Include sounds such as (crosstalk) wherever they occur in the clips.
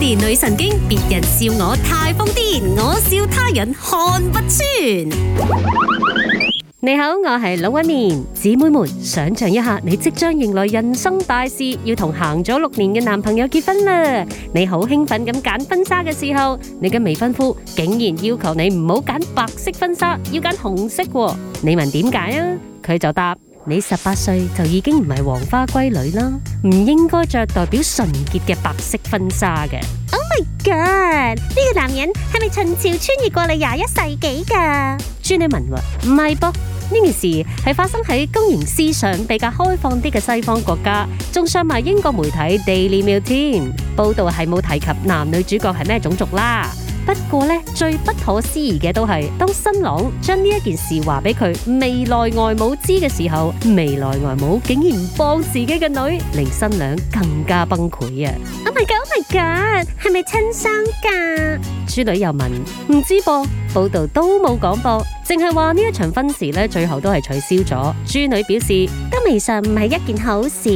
年女神經，別人笑我太瘋癲，我笑他人看不穿。你好，我係龍紋敏。姊妹們，想象一下，你即將迎來人生大事，要同行咗六年嘅男朋友結婚啦。你好興奮咁揀婚紗嘅時候，你嘅未婚夫竟然要求你唔好揀白色婚紗，要揀紅色。你問點解啊？佢就答。你十八歲就已經唔係黃花閨女啦，唔應該着代表純潔嘅白色婚紗嘅。Oh my god！呢個男人係咪秦朝穿越過嚟廿一世紀噶？朱女士話唔係噃，呢件事係發生喺公營思想比較開放啲嘅西方國家，仲上埋英國媒體 Daily Mail 添報道係冇提及男女主角係咩種族啦。不過呢，最不可思議嘅都係，當新郎將呢一件事話俾佢未來外母知嘅時候，未來外母竟然唔幫自己嘅女，令新娘更加崩潰啊！Oh my god！Oh my god！係咪親生噶？豬女又問，唔知噃，啊，報道都冇講噃，淨係話呢一場婚事咧，最後都係取消咗。豬女表示，都未嘗唔係一件好事，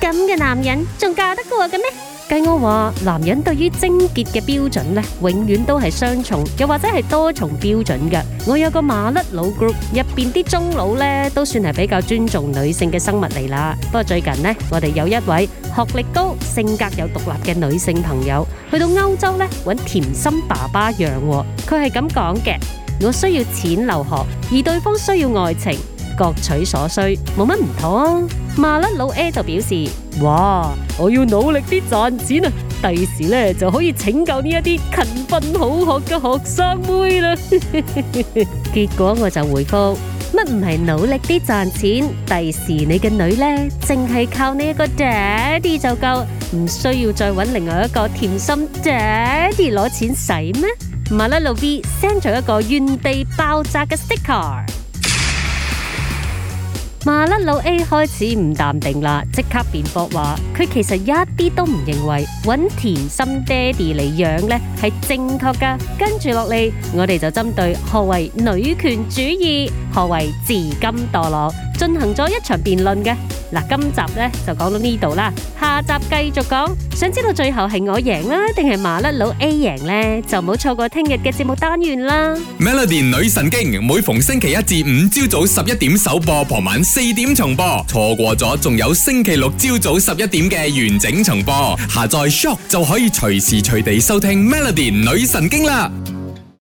咁嘅男人仲嫁得過嘅咩？計我話，男人對於貞潔嘅標準咧，永遠都係雙重，又或者係多重標準嘅。我有個馬甩佬 group，入面啲中佬咧都算係比較尊重女性嘅生物嚟啦。不過最近呢，我哋有一位學歷高、性格有獨立嘅女性朋友，去到歐洲咧搵甜心爸爸養喎。佢係咁講嘅：我需要錢留學，而對方需要愛情。各取所需，冇乜唔妥啊。麻甩佬 A 就表示：哇，我要努力啲賺錢啊，第時咧就可以拯救呢一啲勤奮好學嘅學生妹啦。 (laughs) 結果我就回覆：乜唔係努力啲賺錢，第時你嘅女咧，淨係靠呢一個 daddy 就夠，唔需要再搵另外一個甜心 daddy 攞錢使咩？麻甩佬 B send 咗一個原地爆炸嘅 sticker。麻甩佬 A 開始唔淡定啦，即刻辯駁話：佢其實一啲都唔認為揾甜心爹哋嚟養呢係正確噶。跟住落嚟，我哋就針對何謂女權主義、何謂自甘墮落進行咗一場辯論噶。嗱，今集咧就講到呢度啦，下集繼續講。想知道最後係我贏啦，定係麻甩佬 A 贏呢？就唔好錯過聽日嘅節目單元啦。Melody 女神經每逢星期一至五朝早十一點首播，傍晚四點重播。錯過咗仲有星期六朝早十一點嘅完整重播。下載 Shock 就可以隨時隨地收聽 Melody 女神經啦。